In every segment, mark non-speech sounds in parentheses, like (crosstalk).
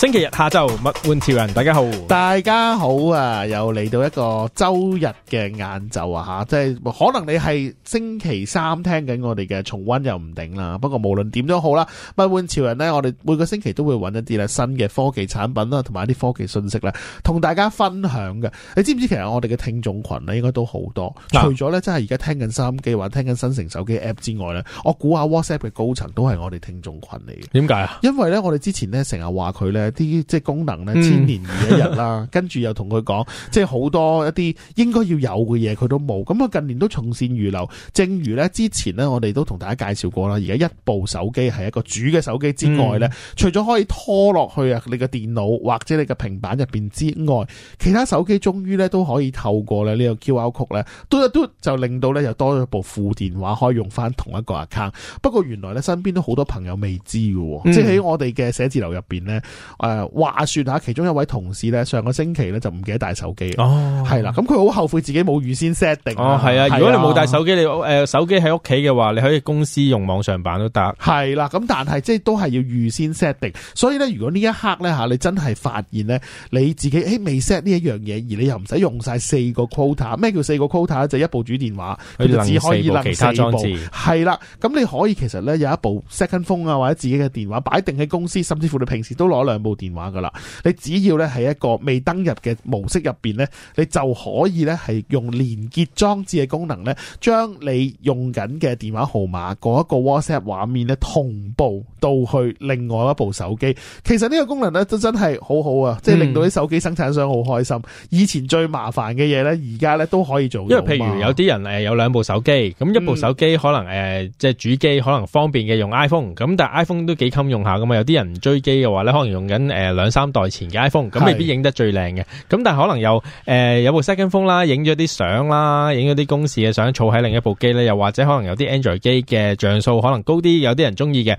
星期日下晝，物玩潮人，大家好。大家好啊！又嚟到一個周日嘅晏晝啊，吓，即係可能你係星期三聽緊我哋嘅重温又唔定啦。不過無論點都好啦，物玩潮人呢，我哋每個星期都會揾一啲咧新嘅科技產品啦、啊，同埋一啲科技信息啦、啊，同大家分享嘅。你知唔知其實我哋嘅聽眾群咧，應該都好多。除咗呢，啊、真係而家聽緊收音機或者聽緊新城手機 app 之外呢，我估下 WhatsApp 嘅高層都係我哋聽眾群嚟嘅。點解啊？因為呢，我哋之前呢，成日話佢呢。啲即係功能咧千年而一日啦，嗯、跟住又同佢講，即係好多一啲應該要有嘅嘢佢都冇。咁啊近年都從善如流，正如咧之前咧，我哋都同大家介紹過啦。而家一部手機係一個主嘅手機之外咧，嗯、除咗可以拖落去啊你嘅電腦或者你嘅平板入邊之外，其他手機終於咧都可以透過咧呢個 QR code 咧，嘟一嘟就令到咧又多咗一部副電話可以用翻同一個 account。不過原來咧身邊都好多朋友未知嘅，嗯、即係喺我哋嘅寫字樓入邊咧。誒話説吓，其中一位同事咧，上個星期咧就唔記得帶手機，係啦，哦，咁佢好後悔自己冇預先 set 定。哦，係啊，的如果你冇帶手機，的你誒手機喺屋企嘅話，你可以公司用網上版是都得。係啦，咁但係即係都係要預先 set 定，所以咧，如果呢一刻咧吓你真係發現咧你自己未 set 呢一樣嘢，而你又唔使用晒四個 quota，咩叫四個 quota 咧？就一部主電話佢就只可以他四部，係啦，咁你可以其實咧有一部 second phone 啊，或者自己嘅電話擺定喺公司，甚至乎你平時都攞兩部。電話噶啦，你只要咧係一個未登入嘅模式入邊咧，你就可以咧係用連結裝置嘅功能咧，將你用緊嘅電話號碼嗰一個 WhatsApp 畫面咧同步到去另外一部手機。其實呢個功能咧都真係好好啊，即係令到啲手機生產商好開心。嗯、以前最麻煩嘅嘢咧，而家咧都可以做到。因為譬如有啲人誒有兩部手機，咁一部手機可能誒即係主機可能方便嘅用 iPhone，咁但係 iPhone 都幾襟用下㗎嘛。有啲人追機嘅話咧，可能用。緊誒兩三代前嘅 iPhone，咁未必影得最靚嘅，咁是但係可能又誒、呃、有部 second phone 啦，影咗啲相啦，影咗啲公事嘅相，儲喺另一部機咧，又或者可能有啲 Android 機嘅像素，可能高啲，有啲人中意嘅，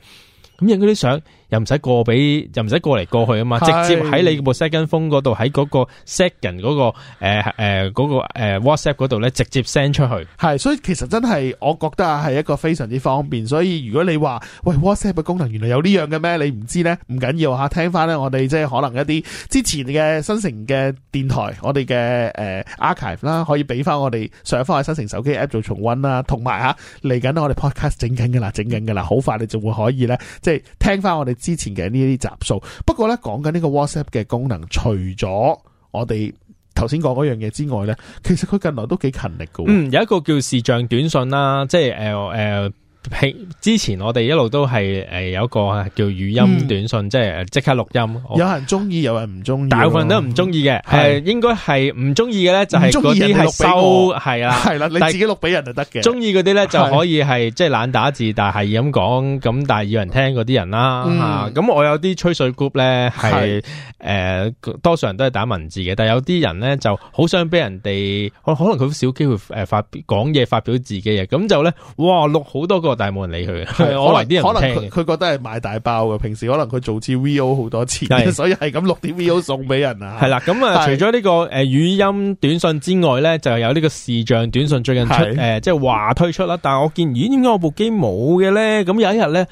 咁影嗰啲相。又唔使過俾，又唔使過嚟，過去啊嘛！直接喺你部 second phone 嗰度，喺嗰個 second 嗰個誒誒嗰個誒 WhatsApp 嗰度咧，直接 send 出去。係，所以其實真係我覺得啊，係一個非常之方便。所以如果你話喂，WhatsApp 嘅功能原來有呢樣嘅咩？你唔知咧，唔緊要吓，聽翻咧，我哋即係可能一啲之前嘅新城嘅電台，我哋嘅誒 archive 啦，可以俾翻我哋上翻去新城手機 app 做重温啦。同埋吓，嚟緊咧我哋 podcast 整緊嘅啦，整緊嘅啦，好快你就會可以咧，即係聽翻我哋。之前嘅呢啲集數，不過呢，講緊呢個 WhatsApp 嘅功能，除咗我哋頭先講嗰樣嘢之外呢，其實佢近來都幾勤力㗎。嗯，有一個叫視像短信啦，即係誒誒。呃呃之前我哋一路都係誒有個叫語音短信嗯、即係即刻錄音有。有人中意，有人唔中意，大部分都唔中意嘅。係應該係唔中意嘅咧，就係嗰啲係收係啦，係啦，你自己錄俾人就得嘅。中意嗰啲咧就可以係即係懶打字，但係要咁講，咁但係要人聽嗰啲人啦吓。咁、嗯啊、我有啲吹水 group 咧係誒多數人都係打文字嘅，但係有啲人咧就好想俾人哋可能佢好少機會誒發講嘢，發表自己嘅。咁就咧哇錄好多個。但係冇人理佢。是 (laughs) 可能啲人可能佢佢覺得係賣大包嘅，平時可能佢做次 V.O. 好多次，是所以係咁六點 V.O. 送俾人啊。係啦，咁啊，是除咗呢個誒語音短信之外咧，就有呢個視像短信最近出誒，即係話推出啦。但係我見咦點解我部機冇嘅咧，咁有一日咧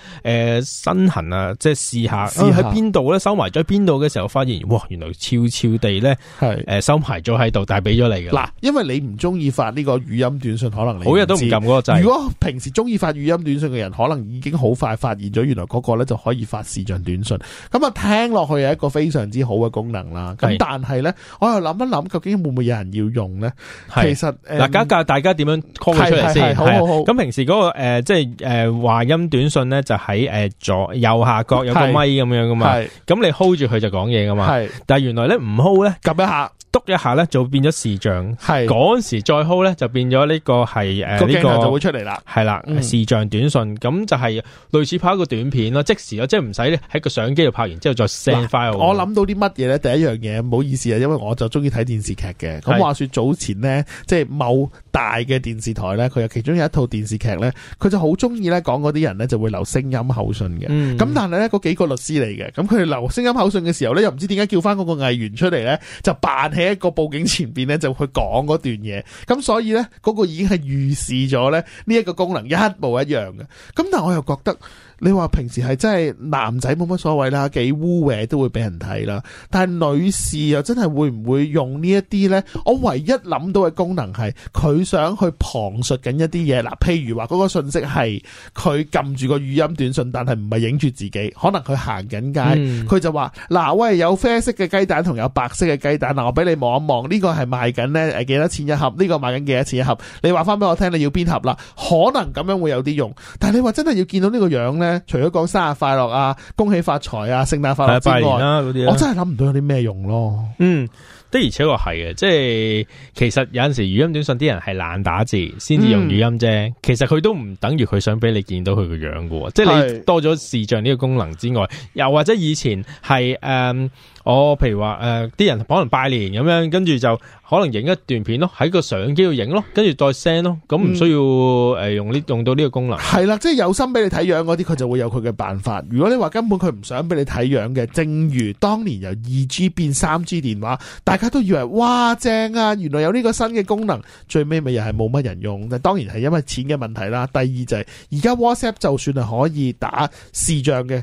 誒，身痕啊，即係試下喺邊度咧收埋咗喺邊度嘅時候，發現哇，原來悄悄地咧係誒收埋咗喺度，是但係俾咗你嘅嗱，因為你唔中意發呢個語音短信，可能你每日都唔撳嗰個掣。如果平時中意發語音，音短信嘅人可能已經好快發現咗，原來嗰個咧就可以發視像短信。咁啊，聽落去係一個非常之好嘅功能啦。咁是但係咧，我又諗一諗，究竟會唔會有人要用咧？是其實嗱，家教大家點、嗯、樣 call 出嚟先？好好好。咁、啊、平時嗰、那個誒、呃，即係誒，話、呃、音短信咧就喺誒、呃、左右下角有個咪咁樣噶嘛。係是。咁你 hold 住佢就講嘢噶嘛。係是。但係原來咧唔 hold 咧，撳一下。篤一下咧，就變咗視像。係嗰是時再 hold 咧，就變咗呢個係誒，呢個就會出嚟啦。係啦的，嗯、視像短信，咁就係類似拍一個短片咯，即時咯，即係唔使咧喺個相機度拍完之後再 send file。我諗到啲乜嘢咧？第一樣嘢唔好意思啊，因為我就中意睇電視劇嘅。咁話說早前咧，是即係某。大嘅電視台呢，佢有其中有一套電視劇呢，佢就好中意呢，講嗰啲人呢就會留聲音口訊嘅。咁、嗯、但係呢嗰幾個律師嚟嘅，咁佢留聲音口訊嘅時候呢又唔知點解叫翻嗰個藝員出嚟呢，就扮起一個報警前面，呢，就去講嗰段嘢。咁所以呢，嗰個已經係預示咗呢一個功能一模一樣嘅。咁但我又覺得你話平時係真係男仔冇乜所謂啦，幾污穢都會俾人睇啦。但女士又真係會唔會用呢一啲呢？我唯一諗到嘅功能係佢。想去旁述緊一啲嘢，嗱，譬如話嗰個信息係佢撳住個語音短信，但係唔係影住自己，可能佢行緊街，佢、嗯、就話：嗱，喂，有啡色嘅雞蛋同有白色嘅雞蛋，嗱，我俾你望一望，呢個係賣緊呢誒幾多錢一盒？呢、呢個賣緊幾多錢一盒？你話翻俾我聽，你要邊盒啦？可能咁樣會有啲用，但係你話真係要見到呢個樣呢？除咗講生日快樂啊、恭喜發財啊、聖誕快樂之外，啊啊、我真係諗唔到有啲咩用咯。嗯。的而且確係嘅，即係其實有陣時候語音短信啲人係懶打字，先至用語音啫。嗯、其實佢都唔等於佢想俾你見到佢個樣喎，即係你多咗視像呢個功能之外，又或者以前係誒。嗯我、哦、譬如話誒，啲、呃、人可能拜年咁樣，跟住就可能影一段片咯，喺個相機度影咯，跟住再 send 咯，咁唔需要誒用呢用到呢個功能。係啦，即係有心俾你睇樣嗰啲，佢就會有佢嘅辦法。如果你話根本佢唔想俾你睇樣嘅，正如當年由二 G 變三 G 電話，大家都以為哇正啊，原來有呢個新嘅功能，最尾咪又係冇乜人用。但當然係因為錢嘅問題啦。第二就係、是、而家 WhatsApp 就算係可以打視像嘅。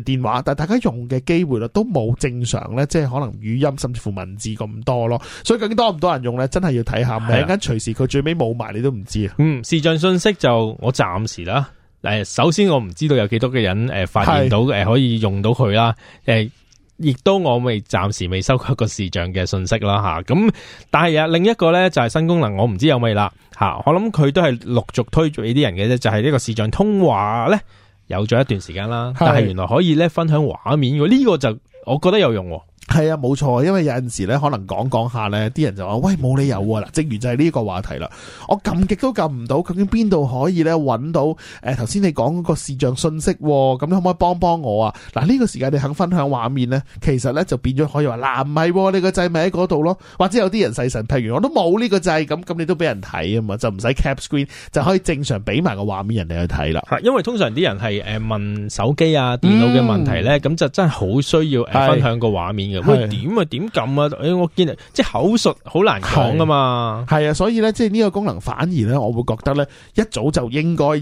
電話，但大家用嘅機會咧，都冇正常咧，即係可能語音甚至乎文字咁多咯，所以究竟多唔多人用咧？真係要睇下，唔係一陣隨時佢最尾冇埋你都唔知啊。嗯，視像信息就我暫時啦，誒，首先我唔知道有幾多嘅人誒發現到誒可以用到佢啦，誒，亦都我未暫時未收過一個視像嘅信息啦吓。咁但係啊，另一個咧就係新功能我不，我唔知有乜嘢啦吓，我諗佢都係陸續推俾呢啲人嘅啫，就係、是、呢個視像通話咧。有咗一段時間啦，但係原來可以咧分享畫面，呢個就我覺得有用。係啊，冇錯，因為有陣時咧，可能講講下咧，啲人就話：喂，冇理由啦、啊！正如就係呢個話題啦，我撳極都撳唔到，究竟邊度可以咧揾到？誒、欸，頭先你講個視像信息，咁你可唔可以幫幫我啊？嗱、啊，呢、這個時間你肯分享畫面咧，其實咧就變咗可以話：嗱、啊，唔係、啊、你個掣咪喺嗰度咯？或者有啲人細神完，譬如我都冇呢個掣，咁咁你都俾人睇啊嘛，就唔使 cap screen，就可以正常俾埋個畫面人哋去睇啦。因為通常啲人係誒問手機啊、電腦嘅問題咧，咁、嗯、就真係好需要分享個畫面嘅。會點、哎、啊？點撳啊？誒、哎，我見啊，即係口述好難講㗎嘛。係啊，所以咧，即係呢個功能反而咧，我會覺得咧，一早就應該要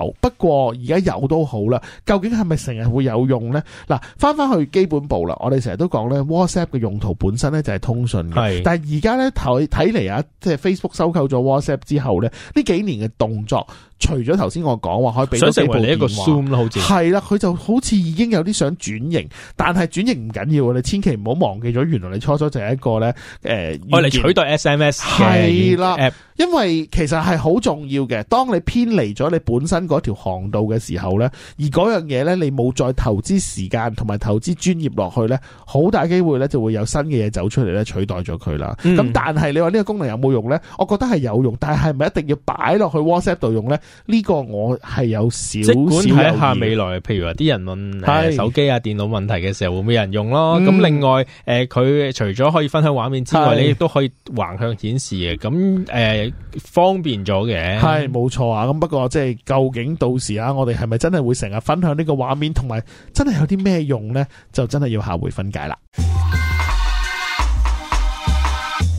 有。不過而家有都好啦。究竟係咪成日會有用咧？嗱，翻翻去基本步啦。我哋成日都講咧，WhatsApp 嘅用途本身咧就係通訊嘅。係的。但係而家咧，睇睇嚟啊，即係 Facebook 收購咗 WhatsApp 之後咧，呢幾年嘅動作。除咗頭先我講話可以俾想成為你一個 Zoom 好似係啦，佢就好似已經有啲想轉型，但係轉型唔緊要，你千祈唔好忘記咗，原來你初初就係一個咧，誒、我、呃、嚟取代 SMS 係啦，的因為其實係好重要嘅。當你偏離咗你本身嗰條航道嘅時候咧，而嗰樣嘢咧，你冇再投資時間同埋投資專業落去咧，好大機會咧就會有新嘅嘢走出嚟咧取代咗佢啦。咁、嗯、但係你話呢個功能有冇用咧？我覺得係有用，但係係咪一定要擺落去 WhatsApp 度用咧？呢個我係有少少疑。即管睇下未來，譬如話啲人問是手機啊、電腦問題嘅時候，會唔會有人用咯？咁、嗯、另外，誒、呃、佢除咗可以分享畫面之外，你亦是都可以橫向顯示嘅。咁誒、呃、方便咗嘅，係冇錯啊。咁不過即係究竟到時啊，我哋係咪真係會成日分享呢個畫面，同埋真係有啲咩用呢？就真係要下回分解啦。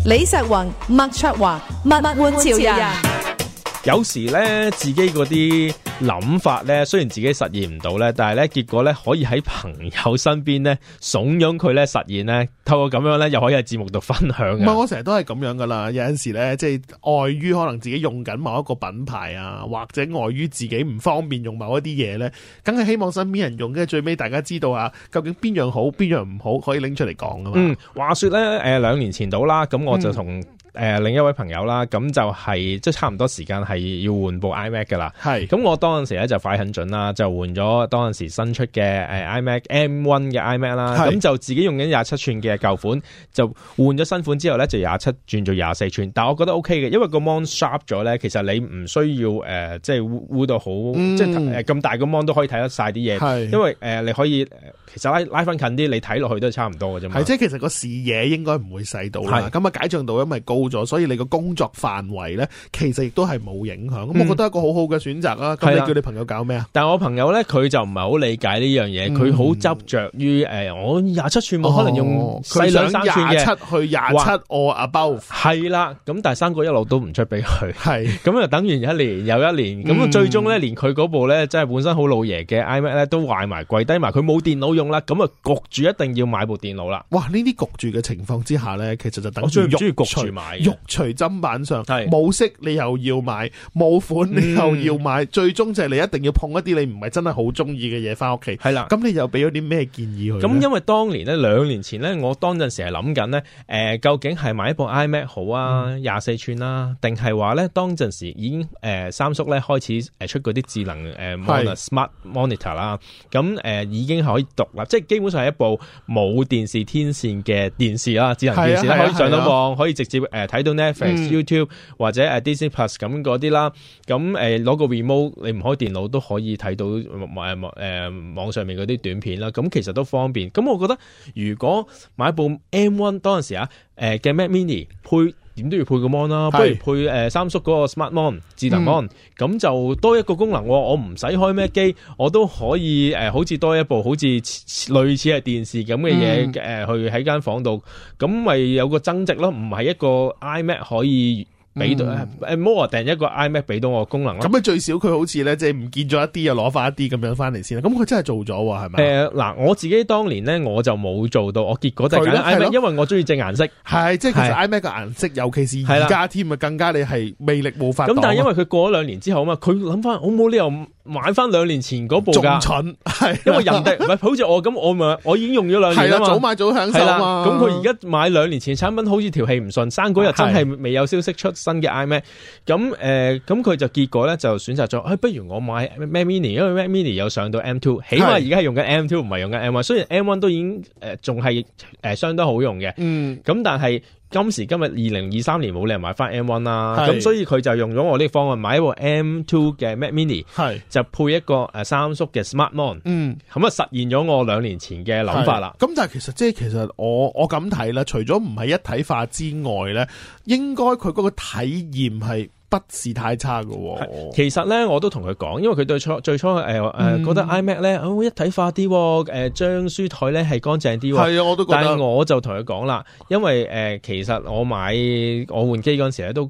李石雲、麥卓華、麥麥換潮人。有時咧，自己嗰啲諗法咧，雖然自己實現唔到咧，但係咧，結果咧可以喺朋友身邊咧，慫恿佢咧實現咧，透過咁樣咧，又可以喺節目度分享。唔係、嗯、我成日都係咁樣噶啦。有陣時咧，即係礙於可能自己用緊某一個品牌啊，或者礙於自己唔方便用某一啲嘢咧，梗係希望身邊人用嘅，最尾大家知道啊，究竟邊樣好，邊樣唔好，可以拎出嚟講噶嘛。嗯，話說咧，誒、呃，兩年前到啦，咁我就同、嗯。誒、呃、另一位朋友啦，咁就係即係差唔多時間係要換部 iMac 㗎啦。係是，咁我當陣時咧就快很準啦，就換咗當陣時新出嘅、呃、iMac M1 嘅 iMac 啦。咁是就自己用緊廿七寸嘅舊款，就換咗新款之後咧就廿七轉做廿四寸。但係我覺得 OK 嘅，因為個 mon sharp 咗咧，其實你唔需要即係污到好，即係咁、嗯呃、大個 mon 都可以睇得晒啲嘢。是因為、呃、你可以其實拉拉翻近啲，你睇落去都係差唔多嘅啫嘛。係，即係其實個視野應該唔會細到啦。咁啊是解像度因為高咗，所以你個工作範圍咧，其實亦都係冇影響。咁、嗯、我覺得一個好好嘅選擇啦、啊。咁你叫你朋友搞咩啊？但係我朋友咧，佢就唔係好理解呢樣嘢，佢好執着於誒，我廿七寸冇可能用三寸，佢、哦、想廿七去廿七 o 阿包。係 above 啦，咁但係三個一路都唔出俾佢。係是，咁啊 (laughs) 等完一年又一年，咁啊、嗯、最終咧，連佢嗰部咧，即係本身好老爺嘅 iMac 咧，都壞埋跪低埋，佢冇電腦用啦。咁啊焗住一定要買部電腦啦。哇！呢啲焗住嘅情況之下咧，其實就等於我最中意焗住買。肉錘砧板上，冇色你又要買，冇款你又要買，最終就係你一定要碰一啲你唔係真係好中意嘅嘢翻屋企。係啦，咁你就俾咗啲咩建議佢？咁因為當年咧，兩年前咧，我當陣時係諗緊咧，誒，究竟係買一部 iMac 好啊，廿四吋啦，定係話咧，當陣時已經誒三叔咧開始誒出嗰啲智能誒 monitor smart monitor 啦，咁誒已經可以獨立，即係基本上係一部冇電視天線嘅電視啦，智能電視可以上到網，可以直接誒。睇到 Netflix、嗯、YouTube 或者誒 Disney Plus 咁嗰啲啦，咁誒攞個 remote 你唔開電腦都可以睇到誒誒、呃呃、網上面嗰啲短片啦，咁其實都方便。咁我覺得如果買部 M1 當陣時啊，誒、呃、嘅 Mac Mini 配。點都要配個 mon 啦、啊，是不如配誒、呃、三叔嗰個 smart mon 智能 mon，咁、嗯、就多一個功能、啊，我唔使開咩機，我都可以誒、呃、好似多一部好似類似係電視咁嘅嘢誒去喺間房度，咁咪有個增值咯、啊，唔係一個 iMac 可以。俾到誒，摩訂、嗯、一個 iMac 俾到我功能啦。咁啊最少佢好似咧，即係唔見咗一啲啊，攞翻一啲咁樣翻嚟先啦。咁佢真係做咗喎，係咪、欸？嗱，我自己當年咧我就冇做到，我結果就係因為我中意隻顏色。係了即係其實 iMac 個顏色，尤其是而家添啊，了更加你係魅力無法擋。咁但係因為佢過咗兩年之後啊嘛，佢諗翻好冇呢？我冇理由。買翻兩年前嗰部噶，蠢，係，因為人哋唔係， (laughs) 好似我咁，我咪我已經用咗兩年啦嘛。啦，早買早享受嘛。咁佢而家買兩年前產品，好似條氣唔順。生嗰日真係未有消息出新嘅 iMac 的。咁誒，咁，呃、佢就結果咧就選擇咗，誒，哎，不如我買 Mac Mini，因為 Mac Mini 有上到 M2，起碼而家係用緊 M2，唔係用緊 M1。雖然 M1 都已經誒仲係誒相當好用嘅，嗯，咁但係。今時今日二零二三年冇理由買翻 M One 啦，咁是所以佢就用咗我呢個方案買一部 M Two 嘅 Mac Mini，是就配一個誒三叔嘅 Smart Mon，咁啊實現咗我兩年前嘅諗法啦。咁但係其實即係其實我我咁睇啦，除咗唔係一體化之外咧，應該佢嗰個體驗係。不是太差嘅，哦，其實咧我都同佢講，因為佢對初最初誒誒、呃呃嗯、覺得 iMac 咧、哦，一體化啲，誒、呃、張書檯咧係乾淨啲，係啊，我都覺得。但係我就同佢講啦，因為誒、呃、其實我買我換機嗰陣時咧都。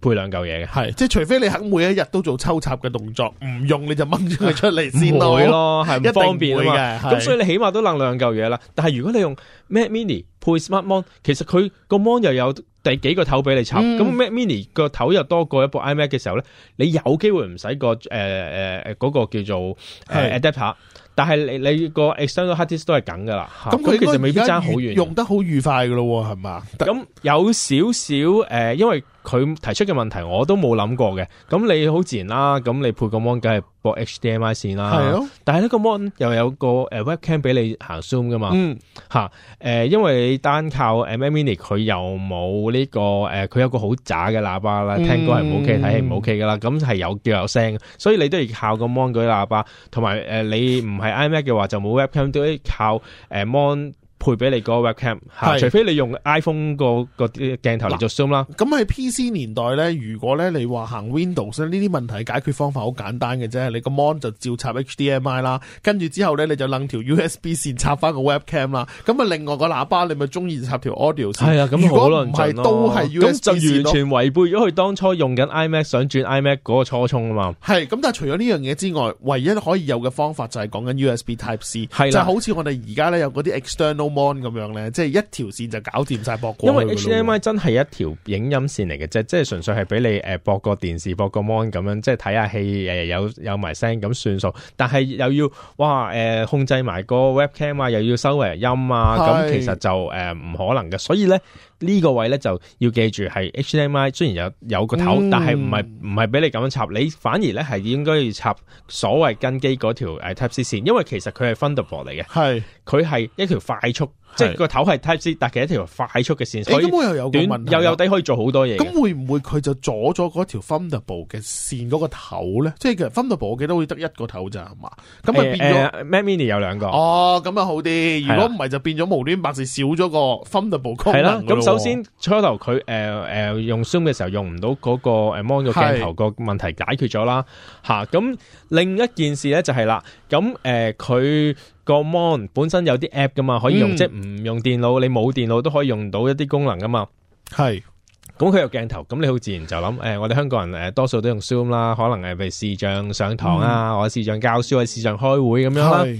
配兩嚿嘢嘅，係是即係除非你肯每一日都做抽插嘅動作，唔用你就掹咗佢出嚟，唔會咯，係一方便嘅。咁所以你起碼都能兩嚿嘢啦。但係如果你用 Mac Mini 配 Smart Mon，其實佢個 Mon 又有第幾個頭俾你插，咁、嗯、Mac Mini 個頭又多過一部 iMac 嘅時候咧，你有機會唔使個誒誒嗰個叫做、呃、是 adapter，但係你你個 external hard disk 都係緊噶啦。咁佢其實未必爭好遠用得好愉快噶咯，係嘛？咁有少少誒、呃，因為。佢提出嘅問題我都冇諗過嘅，咁你好自然啦。咁你配個 mon 梗係駁 HDMI 線啦，哦、但係呢個 mon 又有個、呃、webcam 俾你行 zoom 噶嘛。嚇、嗯啊呃，因為單靠 Mac Mini 佢又冇呢、呢個佢、呃、有個好渣嘅喇叭啦，嗯、聽歌係唔 OK，睇戲唔 OK 噶啦。咁係有叫有聲，所以你都要靠個 mon 舉喇叭，同埋、呃、你唔係 iMac 嘅話就冇 webcam，都要靠 mon。呃配俾你個 webcam 嚇係，除非你用 iPhone 個個啲鏡頭嚟做 zoom 啦。咁喺 PC 年代咧，如果咧你話行 Windows 呢啲問題解決方法好簡單嘅啫。你個 mon 就照插 HDMI 啦，跟住之後咧你就擸條 USB 線插翻個 webcam 啦。咁啊，另外個喇叭你咪中意插條 audio、哎呀啊、線。係啊，咁好論盡咯。咁就完全違背咗佢當初用緊 iMac 想轉 iMac 嗰個初衷啊嘛。係。咁但係除咗呢樣嘢之外，唯一可以有嘅方法就係講緊 USB Type C，啦就好似我哋而家咧有嗰啲 external。mon 咁樣咧，即係一條線就搞掂晒駁光。因為 HDMI 真係一條影音線嚟嘅啫，即係純粹係俾你誒，駁個電視，駁個 mon 咁樣，即係睇下戲誒，有有埋聲咁算數。但係又要哇誒、呃，控制埋個 webcam 啊，又要收埋音啊，咁是其實就誒唔、呃，可能嘅。所以咧。呢個位咧就要記住係 HDMI 雖然有有個頭，嗯、但係唔係唔係俾你咁樣插，你反而咧係應該要插所謂跟機嗰條誒 Type-C 線，因為其實佢係 Thunderbolt 嚟嘅，係佢係一條快速。是即係個頭係 Type C，但係一條快速嘅線，佢根本又有個問題，又有底可以做好多嘢。咁會唔會佢就阻咗嗰條 fundable 嘅線嗰個頭咧？即係其實 fundable 我記得會得一個頭咋，係嘛？咁佢變咗、欸呃、Mac Mini 有兩個。哦，咁啊好啲。如果唔係就變咗無端白事少咗個 fundable 功能。係啦、啊，咁首先初頭佢誒誒用 zoom 嘅時候用唔到嗰個誒 mono 鏡頭個問題解決咗啦。吓是，咁、啊、另一件事咧就係、是、啦，咁誒佢。呃個 mon 本身有啲 app 噶嘛，可以用，嗯，即係唔用電腦，你冇電腦都可以用到一啲功能噶嘛。係是，咁佢有鏡頭，咁你好自然就諗，誒，呃，我哋香港人誒，呃，多數都用 zoom 啦，可能係譬如，呃、視像上堂啊，或者、嗯，視像教書，或者視像開會咁樣啦。是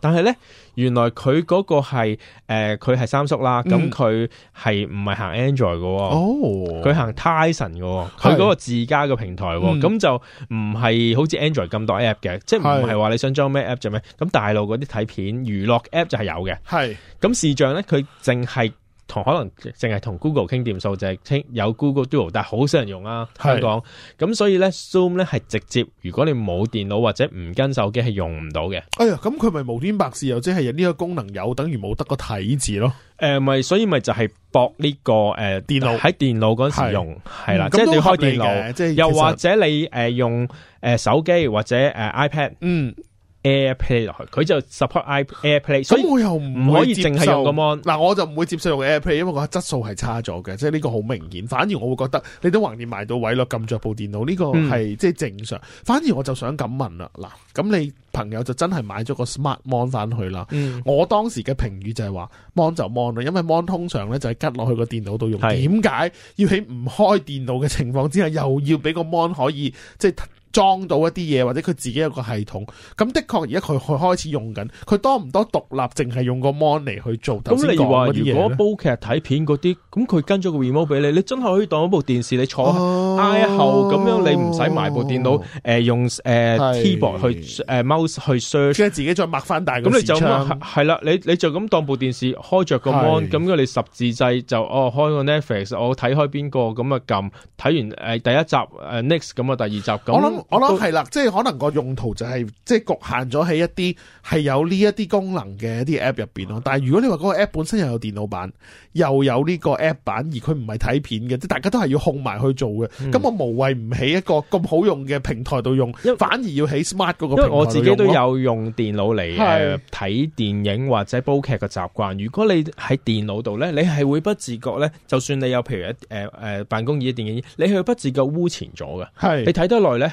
但係咧。原來佢嗰個係誒，佢、呃、係三叔啦，咁佢係唔係行 Android 嘅、哦，佢、哦、行 Ty、哦、son 嘅，佢嗰個自家嘅平台、哦，咁、嗯、就唔係好似 Android 咁多 app 嘅，是即係唔係話你想裝咩 app 就咩，咁是大陸嗰啲睇片娛樂 app 就係有嘅，係是，咁視像咧佢淨係。可能淨係同 Google 傾掂數就係、是、傾有 Google Duo，但係好少人用啊。香港，咁所以咧 Zoom 咧係直接，如果你冇電腦或者唔跟手機係用唔到嘅。哎呀，咁佢咪無端白事又即係呢個功能有，等於冇得個體字咯。誒、呃，咪所以咪就係駁呢、這個誒、呃、電腦，喺電腦嗰陣時用係啦，即係你開電腦，即係又或者你誒用誒手機或者誒、呃、iPad 嗯。AirPlay 落去，佢就 support AirPlay。所以我又唔可以淨係用個 mon。嗱，我就唔會接受用 AirPlay，因為個質素係差咗嘅，即係呢個好明顯。反而我會覺得你都橫掂埋到位咯，撳著部電腦呢、這個係、嗯、即係正常。反而我就想咁問啦，嗱，咁你朋友就真係買咗個 smart mon 翻去啦。嗯、我當時嘅評語就係話 mon 就 mon 啦，因為 mon 通常咧就係吉落去個電腦度用。點是的 解要喺唔開電腦嘅情況之下，又要俾個 mon 可以即係？裝到一啲嘢，或者佢自己有個系統，咁的確而家佢佢開始用緊，佢多唔多獨立，淨係用個 mon 嚟去做投資講嗰啲嘢咧？咁那你話如果煲劇睇片嗰啲，咁佢跟咗個 remote 俾你，你真係可以當一部電視，你坐挨後咁樣，你唔使買部電腦，誒、呃、用誒 keyboard、呃、是去誒 mouse 去 search，即係自己再擘翻大個窗。咁你就咁係啦，你你就咁當部電視，開着個 mon，咁你十字掣就哦開個 Netflix，我睇開邊個咁啊，撳，睇完誒第一集誒、呃、next 咁啊第二集咁。我諗係啦，即係可能個用途就係、是、即係局限咗喺一啲係有呢一啲功能嘅一啲 app 入邊咯。但係如果你話嗰個 app 本身又有電腦版，又有呢個 app 版，而佢唔係睇片嘅，即大家都係要控埋去做嘅，咁、嗯、我無謂唔喺一個咁好用嘅平台度用，為反而要喺 smart 嗰個平台。我自己都有用電腦嚟睇電影或者煲劇嘅習慣。是如果你喺電腦度咧，你係會不自覺咧，就算你有譬如一誒誒辦公椅、電影你去不自覺污潛咗嘅。是你睇得耐咧，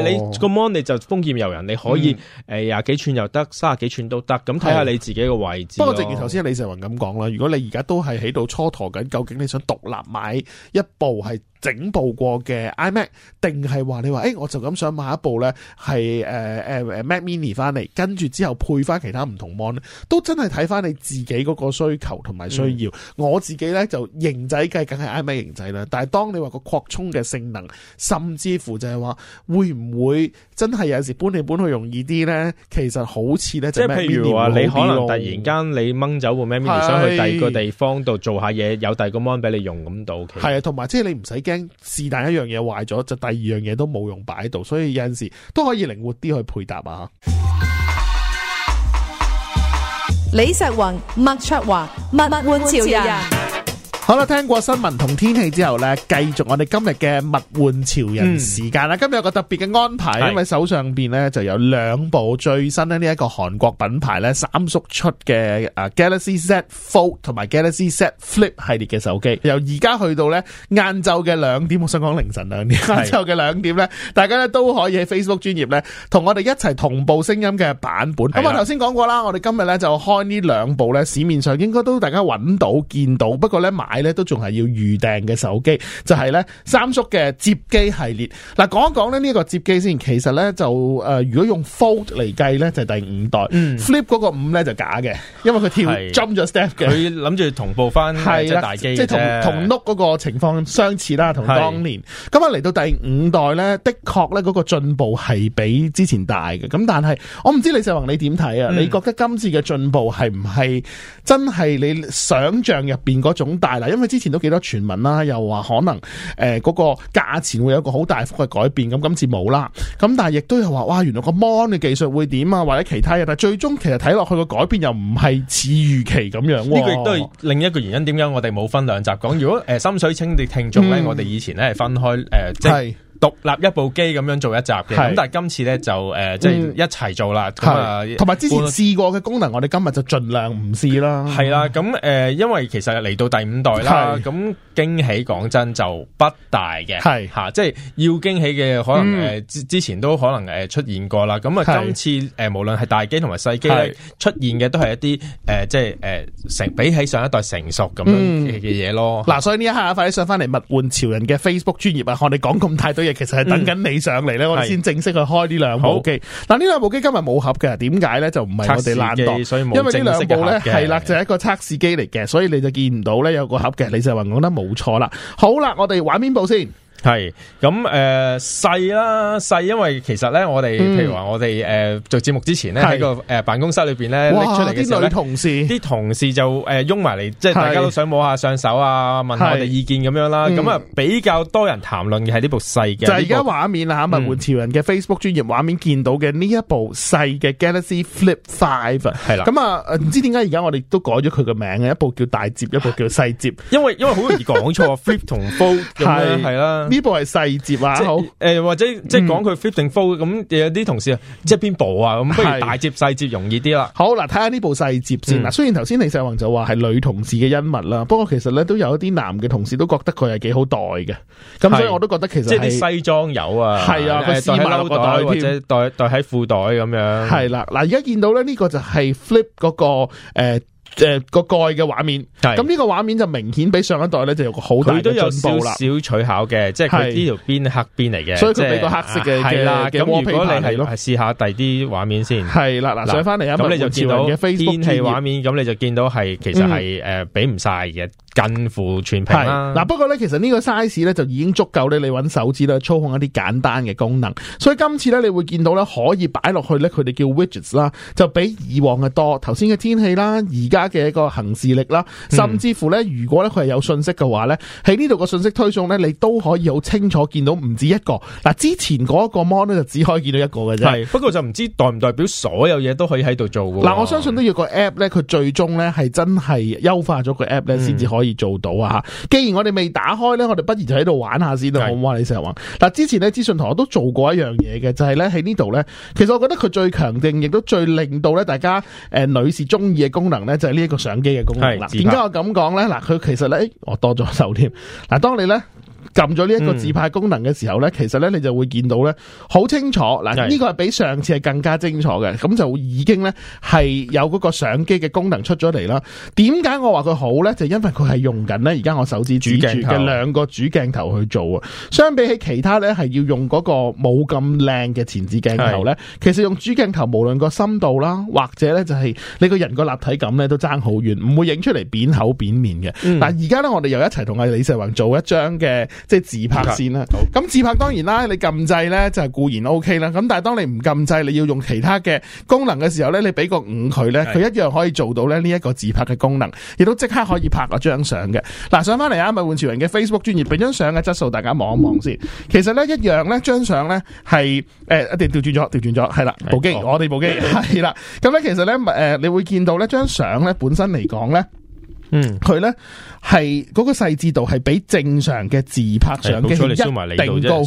你個 mon 你就豐儉由人，你可以誒廿幾寸又得，三十幾寸都得，咁睇下你自己個位置。不過正如頭先李世雲咁講啦，如果你而家都係喺度蹉跎緊，究竟你想獨立買一部係整部過嘅 iMac，定係話你話，誒、欸、我就咁想買一部咧，係誒、呃呃、Mac Mini 翻嚟，跟住之後配翻其他唔同 mon 都真係睇翻你自己嗰個需求同埋需要。嗯、我自己咧就型仔計，梗係 iMac 型仔啦。但係當你話個擴充嘅性能，甚至乎就係話，會唔會真係有時搬嚟搬去容易啲咧？其實好似咧，即係譬如話，Mini 不不你可能突然間你掹走部 Mac Mini，的想去第二個地方度做下嘢，有第二個 mon 俾你用咁到。係啊，同埋即係你唔使。驚是但一樣嘢壞咗，就第二樣嘢都冇用擺喺度，所以有陣時都可以靈活啲去配搭啊。李石雲、麥卓華、物玩潮人。好啦，聽過新聞同天氣之後呢，繼續我哋今日嘅物玩潮人時間啦。嗯、今日有個特別嘅安排，因為手上邊呢就有兩部最新呢一個韓國品牌呢——三星出嘅 Galaxy Z Fold 同埋 Galaxy Z Flip 系列嘅手機。由而家去到呢晏晝嘅兩點，我想講凌晨兩點晏晝嘅兩點呢，大家都可以喺 Facebook 專頁呢同我哋一齊同步聲音嘅版本。咁我頭先講過啦，我哋今日呢就開呢兩部呢市面上應該都大家搵到見到，不過呢買。咧都仲係要預訂嘅手機，就係、是、咧三叔嘅摺機系列。嗱、啊，講一講咧呢個摺機先。其實咧就誒、呃，如果用 Fold 嚟計咧，就是、第五代。嗯，Flip 嗰個五咧就假嘅，因為佢跳是 jump 咗 step 嘅。佢諗住同步翻，係大機，即係同同 Note 嗰個情況相似啦，同當年。咁啊嚟到第五代咧，的確咧個進步係比之前大嘅。咁但係我唔知李世宏你點睇啊？嗯、你覺得今次嘅進步係唔係真係你想象入邊種大因為之前都幾多傳聞啦，又話可能誒嗰個價錢會有一個好大幅嘅改變，咁今次冇啦。咁但係亦都有話，哇，原來個 mon 嘅技術會點啊，或者其他嘢。但係最終其實睇落去個改變又唔係似預期咁樣。呢個亦都係另一個原因。點解我哋冇分兩集講？如果誒、呃、深水清啲聽眾咧，嗯、我哋以前咧係分開誒、呃、即係。獨立一部機咁樣做一集嘅。咁但係今次咧就誒即係一齊做啦。同埋之前試過嘅功能，我哋今日就盡量唔試啦。係啦，咁誒因為其實嚟到第五代啦，咁驚喜講真就不大嘅。係吓，即係要驚喜嘅可能誒之前都可能誒出現過啦。咁啊，今次誒無論係大機同埋細機出現嘅都係一啲誒即係誒成比起上一代成熟咁樣嘅嘢咯。嗱，所以呢一刻快啲上翻嚟物玩潮人嘅 Facebook 專頁啊，我哋講咁大堆。其實係等緊你上嚟咧，嗯、我哋先正式去開呢兩部機。嗱，呢兩部機今日冇盒嘅，點解咧就唔係我哋懶惰？因為呢兩部咧係啦，就係一個測試機嚟嘅，的的所以你就見唔到咧有個盒嘅，你就話講得冇錯啦。好啦，我哋玩邊部先？係咁誒細啦細，因為其實咧，我哋譬如話我哋誒做節目之前咧喺個誒辦公室裏邊咧搦出嚟嘅咧，啲同事就誒擁埋嚟，即係大家都想摸下上手啊，問下我哋意見咁樣啦。咁啊比較多人談論嘅係呢部細嘅，就係而家畫面啦吓，物玩潮人嘅 Facebook 專頁畫面見到嘅呢一部細嘅 Galaxy Flip Five 係啦。咁啊唔知點解而家我哋都改咗佢個名啊，一部叫大折一部叫細折因為因為好容易講錯 Flip 同 Fold 係啦。呢部係細折啊，好，誒或者即係講佢 flip 定 fold 咁，有啲同事即係邊部啊，咁不如大折細折容易啲啦。好，嗱睇下呢部細折先啦。雖然頭先李世宏就話係女同事嘅恩物啦，不過其實咧都有一啲男嘅同事都覺得佢係幾好袋嘅。咁所以我都覺得其實即係西裝有啊，係啊個絲襪袋或者袋袋喺褲袋咁樣。係啦，嗱而家見到咧呢個就係 flip 嗰個誒。誒，個蓋嘅畫面，咁呢個畫面就明顯比上一代咧就有個好大嘅，佢都有少少取巧嘅，即係佢呢條邊黑邊嚟嘅，所以佢俾個黑色嘅嘅。係啦，咁如果你係咯，試下第二啲畫面先。係啦，嗱，上翻嚟啊，咁你就見到天氣畫面，咁你就見到係其實係誒俾唔晒嘅。近乎全屏。嗱、啊啊，不過呢，其實呢個 size 呢，就已經足夠你揾手指咧操控一啲簡單嘅功能。所以今次呢，你會見到呢，可以擺落去呢，佢哋叫 widgets 啦，就比以往嘅多。頭先嘅天氣啦，而家嘅一個行事曆啦，甚至乎呢，如果呢，佢係有信息嘅話呢，喺呢度嘅信息推送呢，你都可以好清楚見到唔止一個。嗱、啊，之前嗰一個 mon 呢，就只可以見到一個嘅啫。係，不過就唔知代唔代表所有嘢都可以喺度做、啊。嗱、啊，我相信都要個 app 呢，佢最終呢，係真係優化咗個 app 呢，先至可以。做到啊！既然我哋未打開咧，我哋不如就喺度玩下先啦，好唔好啊？你成日玩，嗱，之前咧資訊台我都做過一樣嘢嘅，就係咧喺呢度咧。其實我覺得佢最強勁，亦都最令到咧大家誒女士中意嘅功能咧，就係呢一個相機嘅功能啦。點解我咁講咧？嗱，佢其實咧，我多咗手添。嗱，當你咧。撳咗呢一個自拍功能嘅時候呢，嗯、其實呢，你就會見到呢，好清楚嗱，呢、嗯、個係比上次係更加清楚嘅，咁是就已經呢，係有嗰個相機嘅功能出咗嚟啦。點解我話佢好呢？就是，因為佢係用緊呢，而家我手指指住嘅兩個主鏡頭去做啊。相比起其他呢，係要用嗰個冇咁靚嘅前置鏡頭呢。是其實用主鏡頭無論個深度啦，或者呢，就係你個人個立體感呢，都爭好遠，唔會影出嚟扁口扁面嘅。但而家呢，我哋又一齊同阿李世宏做一張嘅。即係自拍先啦，咁自拍當然啦，你撳掣呢就固然 OK 啦。咁但係當你唔撳掣，你要用其他嘅功能嘅時候呢，你俾個五佢呢，佢一樣可以做到呢一個自拍嘅功能，亦都即刻可以拍個張相嘅。嗱，上翻嚟啊，咪物玩潮人嘅 Facebook 專頁，俾張相嘅質素，大家望一望先。其實呢一樣呢，張相呢係誒，一定調轉咗，調轉咗，係啦，部機，的我哋部機，係啦。咁呢，其實呢，誒，你會見到呢張相呢本身嚟講呢。嗯，佢咧係嗰個細致度係比正常嘅自拍相機一定高。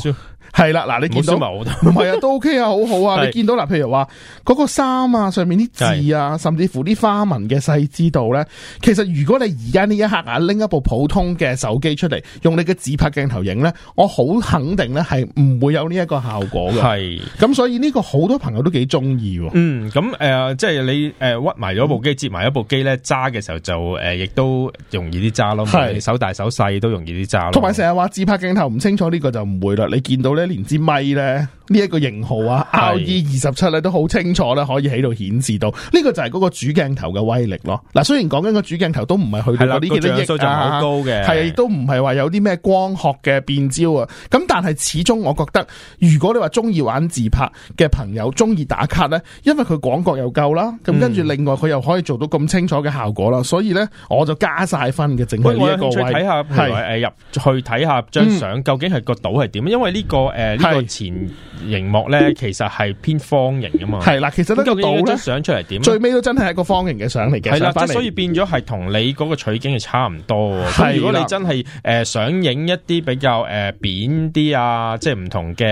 係啦，嗱，你見到唔係啊，都 OK 啊，好好啊。是你見到啦，譬如話嗰、那個衫啊，上面啲字啊，是甚至乎啲花紋嘅細枝度咧，其實如果你而家呢一刻啊拎一部普通嘅手機出嚟，用你嘅自拍鏡頭影咧，我好肯定咧係唔會有呢一個效果嘅。係是，咁所以呢個好多朋友都幾中意。嗯，咁、嗯、誒、呃，即係你誒屈埋咗部機，接、呃、埋一部機咧揸嘅時候就誒，亦、呃、都容易啲揸咯。係是手大手細都容易啲揸。同埋成日話自拍鏡頭唔清楚，呢、這個就唔會啦。你見到。連支咪咧。呢一個型號啊，R E 二十七咧都好清楚啦，可以喺度顯示到呢個就係嗰個主鏡頭嘅威力咯。嗱，雖然講緊個主鏡頭都唔係去到嗰度，啊，就好、那個、高嘅。係亦都唔係話有啲咩光學嘅變焦啊。咁但係始終我覺得，如果你話中意玩自拍嘅朋友中意打卡咧，因為佢廣角又夠啦，咁、嗯、跟住另外佢又可以做到咁清楚嘅效果啦。所以咧，我就加晒分嘅整呢個位。我有興趣睇下，入吧去睇下張相究竟係個島係點？因為呢、呢個呢、呃、是個前。熒幕咧， (laughs) 其實係偏方形噶嘛。係啦，其實呢個島咧，最尾都真係一個方形嘅相嚟嘅。係啦的，即係所以變咗係同你嗰個取景係差唔多。咁的如果你真係誒想影一啲比較誒扁啲啊，即係唔同嘅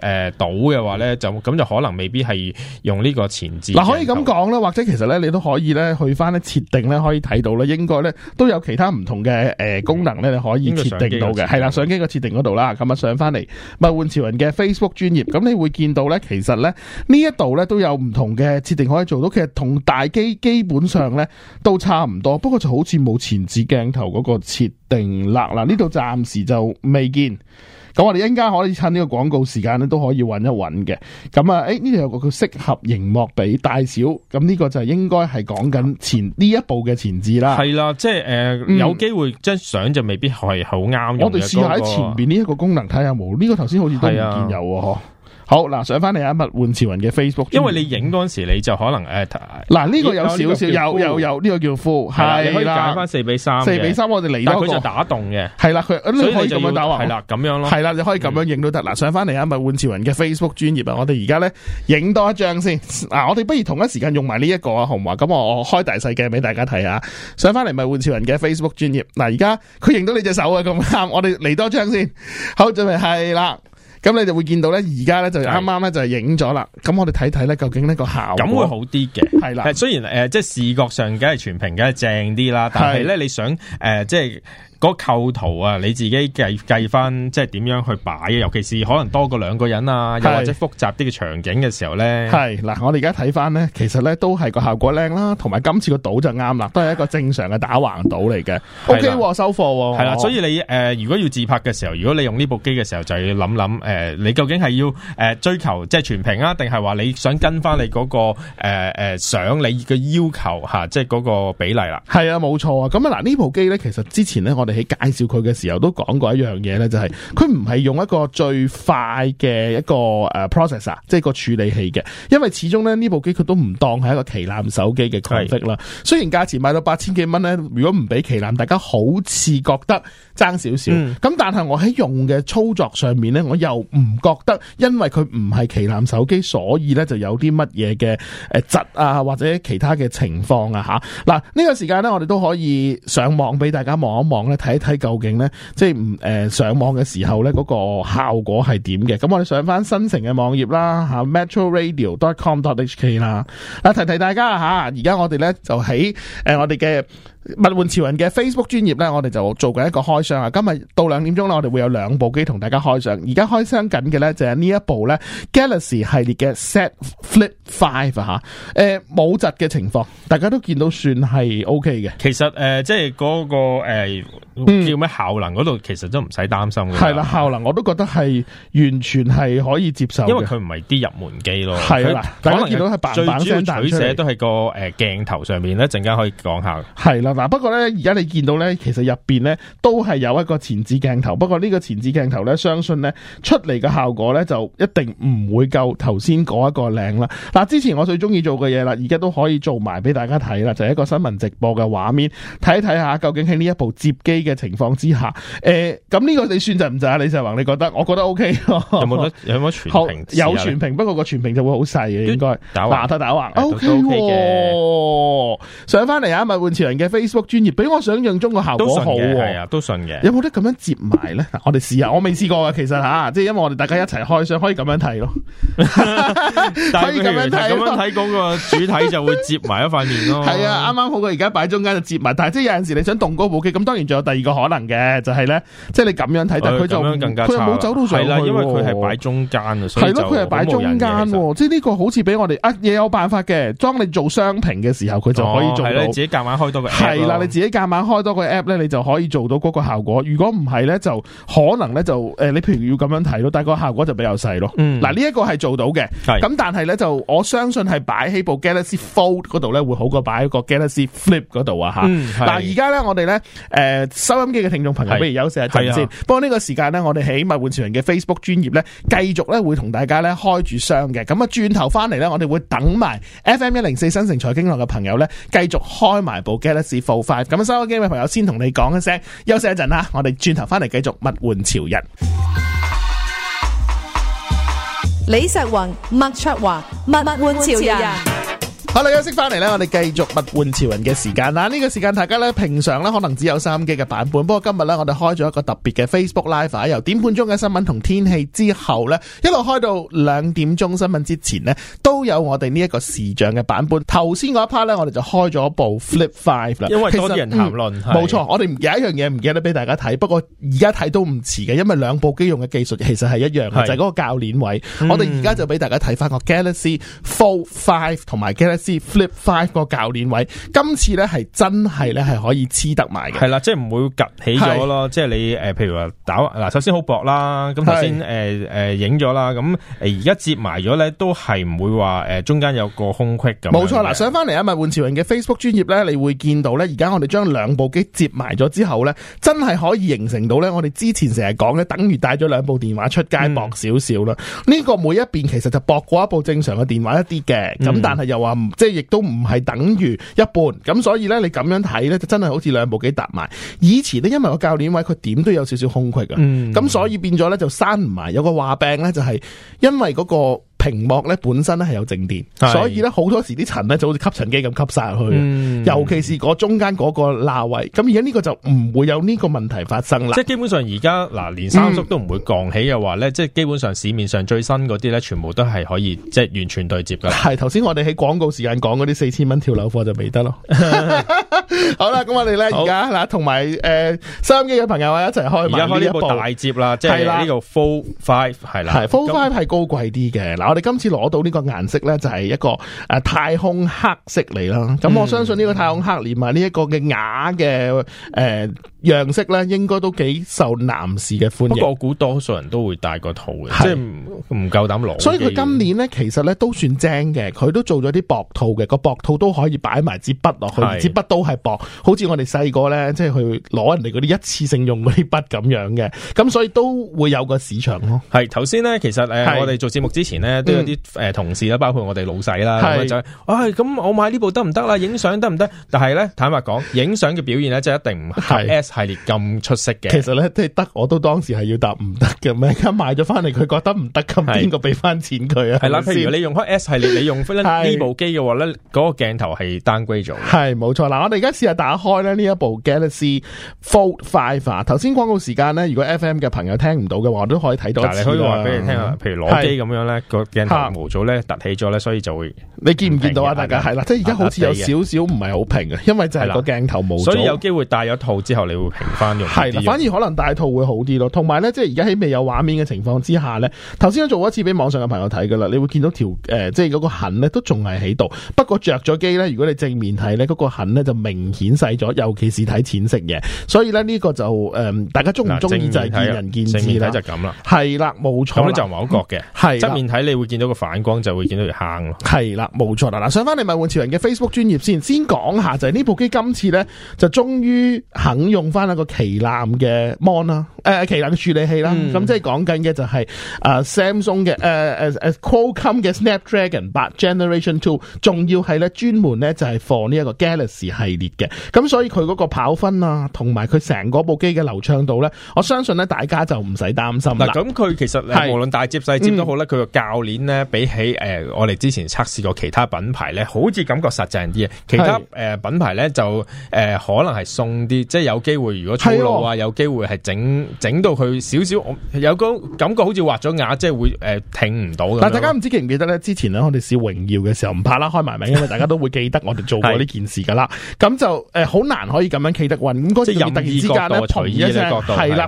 誒島嘅話咧，就咁就可能未必係用呢個前置。嗱，可以咁講啦，或者其實咧，你都可以咧去翻咧設定咧，可以睇到咧，應該咧都有其他唔同嘅誒功能咧，你可以設定、嗯、設定到嘅。係啦，相機個設定嗰度啦。咁啊，上翻嚟物玩潮人嘅 Facebook。專業，咁你會見到呢，其實呢呢一度呢都有唔同嘅設定可以做到，其實同大機基本上呢都差唔多，不過就好似冇前置鏡頭嗰個設定啦，嗱呢度暫時就未見。咁我哋應該可以趁呢個廣告時間咧，都可以揾一揾嘅。咁、嗯、啊，誒、欸，呢度有個叫適合熒幕比大小，咁呢個就係應該係講緊前呢一部嘅前置啦。係啦，即係誒，呃嗯、有機會張相就未必係好啱用、那個。我哋試下喺前邊呢一個功能睇下，冇呢個，頭先好似都唔見有喎。好嗱，上翻嚟啊！物玩潮人嘅 Facebook，因為你影嗰時你就可能 At，嗱，呢個有少少有有有呢個叫 full，係啦，你可以打翻四比三，四比三我哋嚟到佢就打動嘅，係啦，佢咁可以咁樣打啊，係啦，咁樣咯，係啦，你可以咁樣影都得。嗱，上翻嚟啊！物玩潮人嘅 Facebook 專頁啊，我哋而家咧影多一張先。嗱，我哋不如同一時間用埋呢一個啊，好唔好？咁我開大細鏡俾大家睇下，啊。上翻嚟物玩潮人嘅 Facebook 專頁，嗱，而家佢影到你隻手啊，咁啱。我哋嚟多張先，好，準備係啦。咁你就會見到咧，而家咧就啱啱咧就影咗啦。咁我哋睇睇咧，究竟呢個效果咁會好啲嘅。係啦的，雖然誒、呃，即係視覺上梗係全屏梗係正啲啦，的但係咧你想誒、呃，即係。個構圖啊，你自己計計翻，即係點樣去擺啊？尤其是可能多過兩個人啊，又是或者複雜啲嘅場景嘅時候咧，係嗱，我哋而家睇翻咧，其實咧都係個效果靚啦，同埋今次個倒就啱啦，都係一個正常嘅打橫倒嚟嘅，OK，收貨係、喔、啦。所以你誒、呃，如果要自拍嘅時候，如果你用呢部機嘅時候，就要諗諗誒，你究竟係要誒、呃、追求即係全屏啊，定係話你想跟翻你嗰、那個誒誒、呃、想你嘅要求吓、啊，即係嗰個比例啦。係啊，冇錯啊。咁啊，嗱呢部機咧，其實之前咧，我哋喺介紹佢嘅時候都講過一樣嘢咧，就係佢唔係用一個最快嘅一個誒 processor，即係個處理器嘅，因為始終咧呢部機佢都唔當係一個旗艦手機嘅角色啦。是雖然價錢賣到八千幾蚊咧，如果唔俾旗艦，大家好似覺得爭少少，咁、嗯、但係我喺用嘅操作上面咧，我又唔覺得因為佢唔係旗艦手機，所以咧就有啲乜嘢嘅誒窒啊，或者其他嘅情況啊吓。嗱、啊、呢、呢個時間呢，我哋都可以上網俾大家望一望咧。睇一睇究竟咧，即係唔誒上網嘅時候咧，嗰個效果係點嘅？咁我哋上翻新城嘅網頁啦，吓、啊、Metro Radio dot com dot hk 啦，嚟提提大家吓。而家我哋咧就喺誒、呃、我哋嘅物玩潮人嘅 Facebook 專頁咧，我哋就做緊一個開箱啊！今日到兩點鐘啦，我哋會有兩部機同大家開箱。而家開箱緊嘅咧就係、是、呢一部咧 Galaxy 系列嘅 Z Flip 5吓、啊，誒冇窒嘅情況，大家都見到算係 OK 嘅。其實誒、呃，即係嗰、那個誒、呃、叫咩效能嗰度，嗯、其實都唔使擔心嘅。係啦，效能我都覺得係完全係可以接受，因為佢唔係啲入門機咯。係啦的，可能見到係主要取捨都係個誒鏡頭上面咧，陣間可以講下。係啦。嗱，不過咧，而家你見到咧，其實入邊咧都係有一個前置鏡頭，不過呢個前置鏡頭咧，相信咧出嚟嘅效果咧就一定唔會夠頭先嗰一個靚啦。嗱，之前我最中意做嘅嘢啦，而家都可以做埋俾大家睇啦，就係、是、一個新聞直播嘅畫面，睇一睇下究竟喺呢一部摺機嘅情況之下，誒、呃，咁呢個你算就唔就啊？李世宏，你覺得？我覺得 O、OK、K。 (laughs) 有冇得有冇全屏？有全屏，不過個全屏就會好細，應該打得橫打橫橫。O K 嘅。Okay、的上翻嚟啊，物玩潮人嘅 Facebook 專頁比我想象中個效果好係啊，都順嘅。有冇得咁樣接埋咧？我哋試下，我未試過嘅。其實吓、啊，即係因為我哋大家一齊開箱，可以咁樣睇咯。可以咁樣睇，咁 (laughs) (laughs) 樣睇，講個主體就會接埋一塊面咯。係 (laughs) 啊，啱啱好過，而家擺中間就接埋，但係即係有陣時你想動嗰部機，咁當然仲有第二個可能嘅，就係、是、咧，即係你咁樣睇，但佢就佢冇、哦、走到上去是，因為佢係擺中間啊，所以就冇人嘅。即係呢個好似俾我哋啊，嘢有辦法嘅，當你做雙屏嘅時候，佢就可以做、哦、自己夾硬開多嘅。係啦，你自己今晚開多個 app 咧，你就可以做到嗰個效果。如果唔係咧，就可能咧就誒、呃，你譬如要咁樣睇咯，但係個效果就比較細咯。嗯，嗱呢一個係做到嘅，咁是但係咧就我相信係擺喺部 Galaxy Fold 嗰度咧會好過擺喺個 Galaxy Flip 嗰度啊吓。嗱而家咧我哋咧誒收音機嘅聽眾朋友，是不如休息一陣先。啊、不過呢個時間咧，我哋喺物玩潮人嘅 Facebook 專頁咧，繼續咧會同大家咧開住箱嘅。咁啊，轉頭翻嚟咧，我哋會等埋 FM 一零四新城財經台嘅朋友咧，繼續開埋部 Galaxy。浮快，咁收機朋友先同你講一聲，休息一陣啦，我哋轉頭翻嚟繼續《物玩潮人》。李石云、麥卓華，密《物玩潮人》潮人。好啦，休息翻嚟咧，我哋繼續物玩潮人嘅時間啦。呢、這個時間，大家咧平常咧可能只有三機嘅版本，不過今日咧我哋開咗一個特別嘅 Facebook Live，由點半鐘嘅新聞同天氣之後咧，一路開到兩點鐘新聞之前呢，都有我哋呢一個視像嘅版本。頭先嗰一,一 part 咧，我哋就開咗部 Flip Five 啦。因為多啲人談論冇錯，我哋有一樣嘢唔記得俾大家睇，不過而家睇都唔遲嘅，因為兩部機用嘅技術其實係一樣，就係嗰個鉸鏈位。我哋而家就俾大家睇翻個 Galaxy Fold Five 同埋 Galaxy。Flip Five 個教練位，今次咧係真係咧係可以黐得埋嘅，係啦，即係唔會夾起咗咯。的即係你、呃、譬如話打嗱，首先好薄啦，咁頭先誒誒影咗啦，咁而家接埋咗咧，都係唔會話、呃、中間有個空隙咁。冇錯啦，上返嚟啊，物玩潮人嘅 Facebook 專頁咧，你會見到咧，而家我哋將兩部機接埋咗之後咧，真係可以形成到咧，我哋之前成日講咧，等於帶咗兩部電話出街薄少少啦。呢、嗯、個每一邊其實就薄過一部正常嘅電話一啲嘅，咁、嗯、但係又話。即係亦都唔係等於一半，咁所以咧你咁樣睇咧，就真係好似兩部機搭埋。以前呢，因為個教練位佢點都有少少空隙噶，咁、嗯、所以變咗咧就閂唔埋。有個話柄咧就係因為嗰、那個。屏幕咧本身咧係有靜電，是所以咧好多時啲塵咧就好似吸塵機咁吸晒入去，嗯、尤其是嗰中間嗰個罅位。咁而家呢個就唔會有呢個問題發生啦。即係基本上而家嗱，連三叔都唔會降起嘅話咧，嗯、即係基本上市面上最新嗰啲咧，全部都係可以即、就是、完全對接㗎。但係頭先我哋喺廣告時間講嗰啲四千蚊跳樓貨就未得咯。 (laughs) (laughs) (laughs) 好啦，咁我哋咧而家嗱，同埋誒收音機嘅朋友啊一齊開玩一，而家開一部大接啦，即係呢個 Fold 5係啦 Fold 5係高貴啲嘅我哋今次攞到呢個顏色咧，就係一個誒太空黑色嚟啦。咁我相信呢個太空黑連埋呢一個嘅瓦嘅誒。呃樣式咧應該都幾受男士嘅歡迎。不過我估多數人都會戴個套嘅，是即係唔夠膽攞。所以佢今年咧其實咧都算正嘅，佢都做咗啲薄套嘅，個薄套都可以擺埋支筆落去，支是筆都係薄，好似我哋細個咧即係去攞人哋嗰啲一次性用嗰啲筆咁樣嘅。咁所以都會有個市場咯。係頭先咧，其實誒、呃、是我哋做節目之前咧都有啲同事啦，嗯、包括我哋老細啦，是就誒咁、哎、我買呢部得唔得啦？影相得唔得？但係咧坦白講，影相嘅表現咧即係一定唔係系列咁出色嘅，其實咧即係得我都當時係要答唔得嘅，咩？而家買咗翻嚟，佢覺得唔得，咁邊個俾翻錢佢啊？係啦，譬如你用開 S 系列，你用呢部機嘅話咧，嗰個鏡頭係 downgrade 咗。係冇錯，嗱，我哋而家試下打開咧呢一部 Galaxy Fold 5頭先廣告時間咧，如果 FM 嘅朋友聽唔到嘅話，都可以睇到。佢話俾你聽啊，譬如攞機咁樣咧，個鏡頭模組咧凸起咗咧，所以就會你見唔見到啊？大家係啦，即係而家好似有少少唔係好平啊，因為就係個鏡頭模組，所以有機會戴咗套之後你會平翻用係啦，反而可能大套會好啲咯。同埋咧，即係而家喺未有畫面嘅情況之下咧，頭先都做過一次俾網上嘅朋友睇噶啦，你會見到條誒、呃，即係嗰個痕咧都仲係喺度。不過着咗機咧，如果你正面睇咧，嗰、嗰個痕咧就明顯細咗，尤其是睇淺色嘢。所以咧呢個就誒、呃，大家中唔中意就係見仁見智。正面睇就咁啦，係啦，冇錯。咁呢就唔係好覺嘅，係側、嗯、面睇你會見到個反光就會見到條坑咯。係啦，冇錯啦。嗱、嗯，上翻嚟物玩潮人嘅 Facebook 專頁先，先講下就係呢部機今次咧就終於肯用。翻一個旗艦嘅 mon 啦，誒、呃、旗艦處理器啦，咁、嗯、即係講緊嘅就係誒 Samsung 嘅誒誒誒 Qualcomm 嘅 Snapdragon 8 Generation Two，仲要係咧專門咧就係放呢一個 Galaxy 系列嘅，咁所以佢嗰個跑分啊，同埋佢成嗰部機嘅流暢度咧，我相信咧大家就唔使擔心啦。咁佢、嗯、其實無論大接細接都好咧，佢個、嗯、鉸鏈咧比起誒、呃、我哋之前測試過其他品牌咧，好似感覺實淨啲啊，其他誒品牌咧就誒、呃、可能係鬆啲，即係有機會。如果粗魯啊，有機會係整整到佢少少，有個感覺好似畫咗牙，即係會誒聽唔到咁。但大家唔知記唔記得咧？之前咧我哋試榮耀嘅時候唔怕啦，開埋名，因為大家都會記得我哋做過呢件事噶啦。咁就誒好難可以咁樣企得穩。咁嗰由突然之間咧，砰一聲，係啦，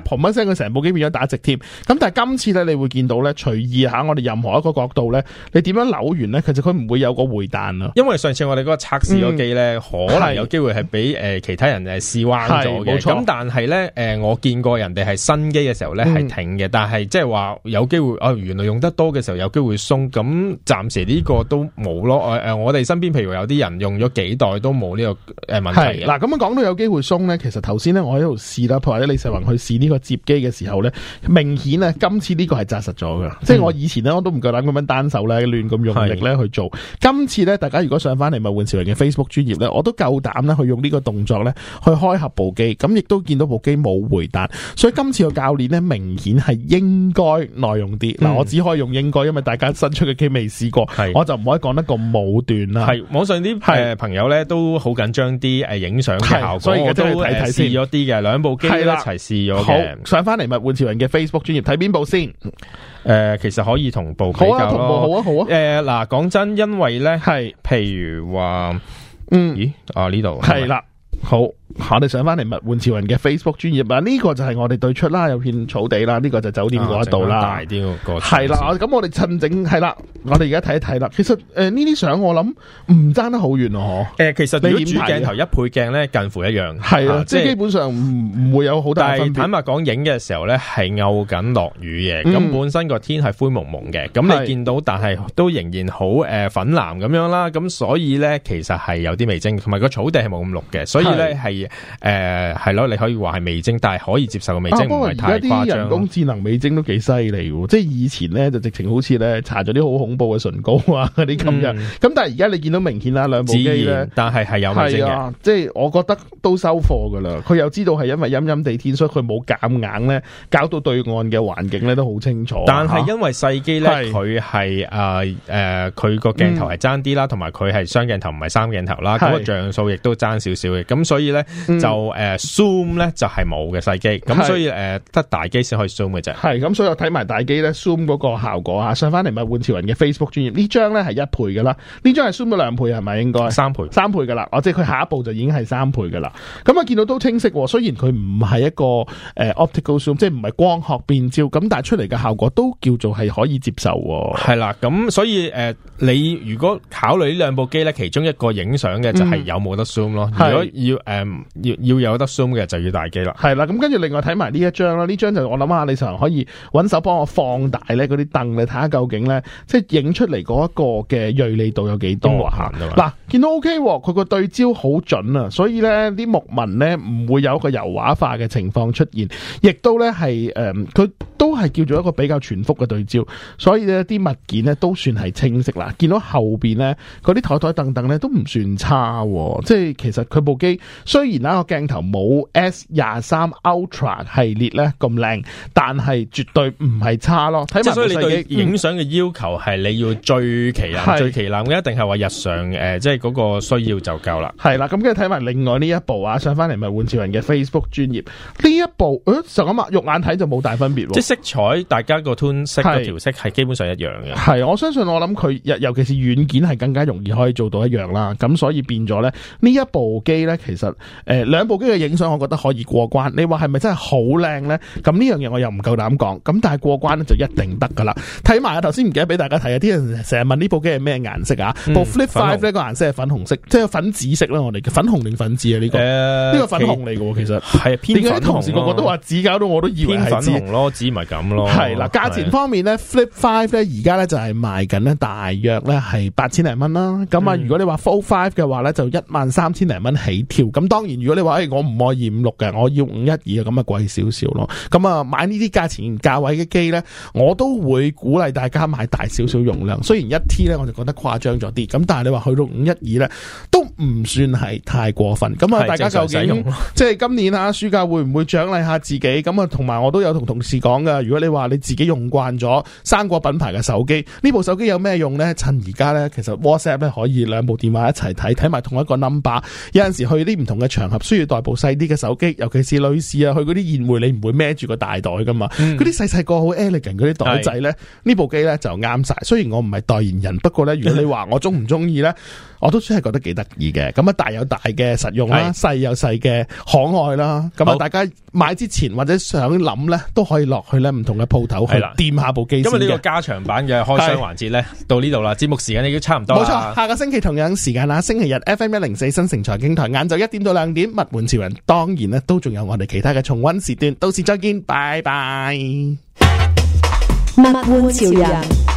嘭一聲，佢成部機變咗打直添。咁但係今次咧，你會見到咧，隨意吓我哋任何一個角度咧，你點樣扭完咧，其實佢唔會有個回彈啊。因為上次我哋嗰個測試個機咧，可能有機會係俾誒其他人誒試彎咗嘅。咁但係咧，誒、呃、我見過人哋係新機嘅時候咧係停嘅，嗯、但係即係話有機會，哦、呃、原來用得多嘅時候有機會鬆。咁暫時呢個都冇咯、呃。我哋身邊譬如有啲人用咗幾代都冇呢個誒問題。嗱，咁樣講到有機會鬆咧，其實頭先咧我喺度試啦，或者李世宏去試呢個接機嘅時候咧，明顯啊，今次呢個係紮實咗㗎。嗯、即係我以前咧我都唔夠膽咁樣單手咧亂咁用力咧去做。的今次咧大家如果上翻嚟物玩潮人嘅 Facebook 專頁咧，我都夠膽咧去用呢個動作咧去開合部機。咁亦都見到部機冇回彈，所以今次個鉸鏈咧明顯係應該耐用啲。嗱，我只可以用應該，因為大家新出嘅機未試過，係我就唔可以講得咁武斷啦。係網上啲朋友咧都好緊張啲誒影相嘅效果，所以我都睇睇先。試咗啲嘅兩部機一齊試咗嘅。上返嚟物玩潮人嘅 Facebook 專頁睇邊部先？誒，其實可以同步比較咯。好啊，好啊，好啊。誒，嗱，講真，因為咧係譬如話，嗯，咦，啊呢度係啦，好。我哋、啊、上翻嚟物玩潮人嘅 Facebook 專頁啊，呢、這個就係我哋對出啦，有片草地啦，呢、這個就是酒店嗰一度啦，大啲個係啦，咁我哋趁正係啦，我哋而家睇一睇啦。其實誒呢啲相我諗唔爭得好遠啊，嗬、呃。誒其實你如果主鏡頭一倍鏡咧，近乎一樣，係啊，即係基本上唔唔會有好大的。但係坦白講，影嘅時候咧係漚緊落雨嘅，咁、嗯、本身個天係灰蒙蒙嘅，咁你見到是但係都仍然好誒粉藍咁樣啦，咁所以咧其實係有啲味精，同埋個草地係冇咁綠嘅，所以咧係。是誒，係咯、呃，你可以話係味精，但係可以接受嘅味精唔係太誇張、啊、人工智能味精都幾犀利，即係以前咧就直情好似咧搽咗啲好恐怖嘅唇膏啊，嗰啲咁嘅。咁、嗯、但係而家你見到明顯啦，兩部機呢，但係係有味精嘅、啊。即係我覺得都收貨噶啦，佢又知道係因為陰陰地天，所以佢冇夾硬咧，搞到對岸嘅環境咧都好清楚。但係因為細機咧，佢係誒誒，佢、呃、個鏡頭係爭啲啦，同埋佢係雙鏡頭唔係三鏡頭啦，是個像素亦都爭少少嘅。咁所以咧。就誒、嗯 uh, zoom 咧就係冇嘅細機，咁是所以誒得、uh, 大機先可以 zoom 嘅啫。係咁，所以我睇埋大機咧 zoom 嗰個效果上翻嚟咪物玩潮人嘅 Facebook 專頁呢張咧係一倍噶啦，呢張係 zoom 咗兩倍係咪應該三倍三倍噶啦？我即係佢下一步就已經係三倍噶啦。咁啊見到都清晰喎、哦，雖然佢唔係一個誒、uh, optical zoom，即係唔係光學變焦，咁但係出嚟嘅效果都叫做係可以接受、哦。係啦，咁所以誒、uh, 你如果考慮呢兩部機咧，其中一個影相嘅就係有冇得 zoom 咯。嗯、如果要誒。Um, 要要有得 zoom 嘅就要大機啦，係啦，咁跟住另外睇埋呢一張啦，呢張就我諗下你常可以揾手幫我放大咧嗰啲凳，你睇下究竟咧，即係影出嚟嗰一個嘅銳利度有幾多？嗱。啊見到 OK 喎，佢個對焦好準啊，所以咧啲木紋咧唔會有一個油畫化嘅情況出現，亦都咧係誒，佢、嗯、都係叫做一個比較全幅嘅對焦，所以咧啲物件咧都算係清晰啦。見到後面咧嗰啲台台凳凳咧都唔算差，即係其實佢部機雖然啦個鏡頭冇 S 廿三 Ultra 系列咧咁靚，但係絕對唔係差咯。睇埋，所以你對影相嘅要求係你要最旗艦，是最旗艦嘅一定係話日常誒，即、呃、係。就是嗰個需要就夠啦，係啦，咁跟住睇埋另外呢一部啊，上翻嚟咪換潮人嘅 Facebook 專頁呢一部，就咁啊，肉眼睇就冇大分別喎，啊，即色彩大家個 tune 色個調是色係基本上一樣嘅，係我相信我諗佢，尤其是軟件係更加容易可以做到一樣啦，咁所以變咗咧呢一部機咧，其實誒、呃、兩部機嘅影相，我覺得可以過關。你話係咪真係好靚咧？咁呢樣嘢我又唔夠膽講，咁但係過關就一定得噶啦。睇埋啊，頭先唔記得俾大家睇下，啲人成日問呢部機係咩顏色啊？嗯、部 Flip 5個顏色粉紅色，即係粉紫色啦，我哋嘅粉紅定粉紫啊？呢個呢個粉紅嚟嘅喎，其實係點解同事個個都話紫搞到我都以為係紫咯，紫咪咁咯。係啦，價錢方面咧，Flip Five 咧而家咧就係賣緊咧大約咧係八千零蚊啦。咁啊，如果你話 Fold Five 嘅話咧就一萬三千零蚊起跳。咁當然如果你話，唉，我唔愛二五六嘅，我要五一二啊，咁啊貴少少咯。咁啊買呢啲價錢價位嘅機咧，我都會鼓勵大家買大少少容量。雖然一 T 咧我就覺得誇張咗啲，咁但係你話去到五一，咧，都唔算係太過分。咁啊，大家究竟即係今年啊，暑假會唔會獎勵下自己？咁啊，同埋我都有同同事講噶如果你話你自己用慣咗生果品牌嘅手機，呢部手機有咩用呢？趁而家呢，其實 WhatsApp 咧可以兩部電話一齊睇，睇埋同一個 number。有陣時去啲唔同嘅場合，需要帶部細啲嘅手機，尤其是女士啊，去嗰啲宴會，你唔會孭住個大袋噶嘛？嗰啲細細個好 elegant 嗰啲袋仔呢，呢的部機呢就啱晒。雖然我唔係代言人，不過呢，如果你話我中唔中意呢。嗯」我都算係覺得幾得意嘅，咁啊大有大嘅實用啦，細是有細嘅可愛啦，咁啊好大家買之前或者想諗咧，都可以落去咧唔同嘅鋪頭去掂下部機先。咁啊呢個加長版嘅開箱環節咧，是到呢度啦，節目時間已經差唔多啦。冇錯，下個星期同樣時間啦，星期日 F M 一零四新城財經台，晏晝一點到兩點，物玩潮人當然咧都仲有我哋其他嘅重溫時段，到時再見，拜拜。物玩潮人。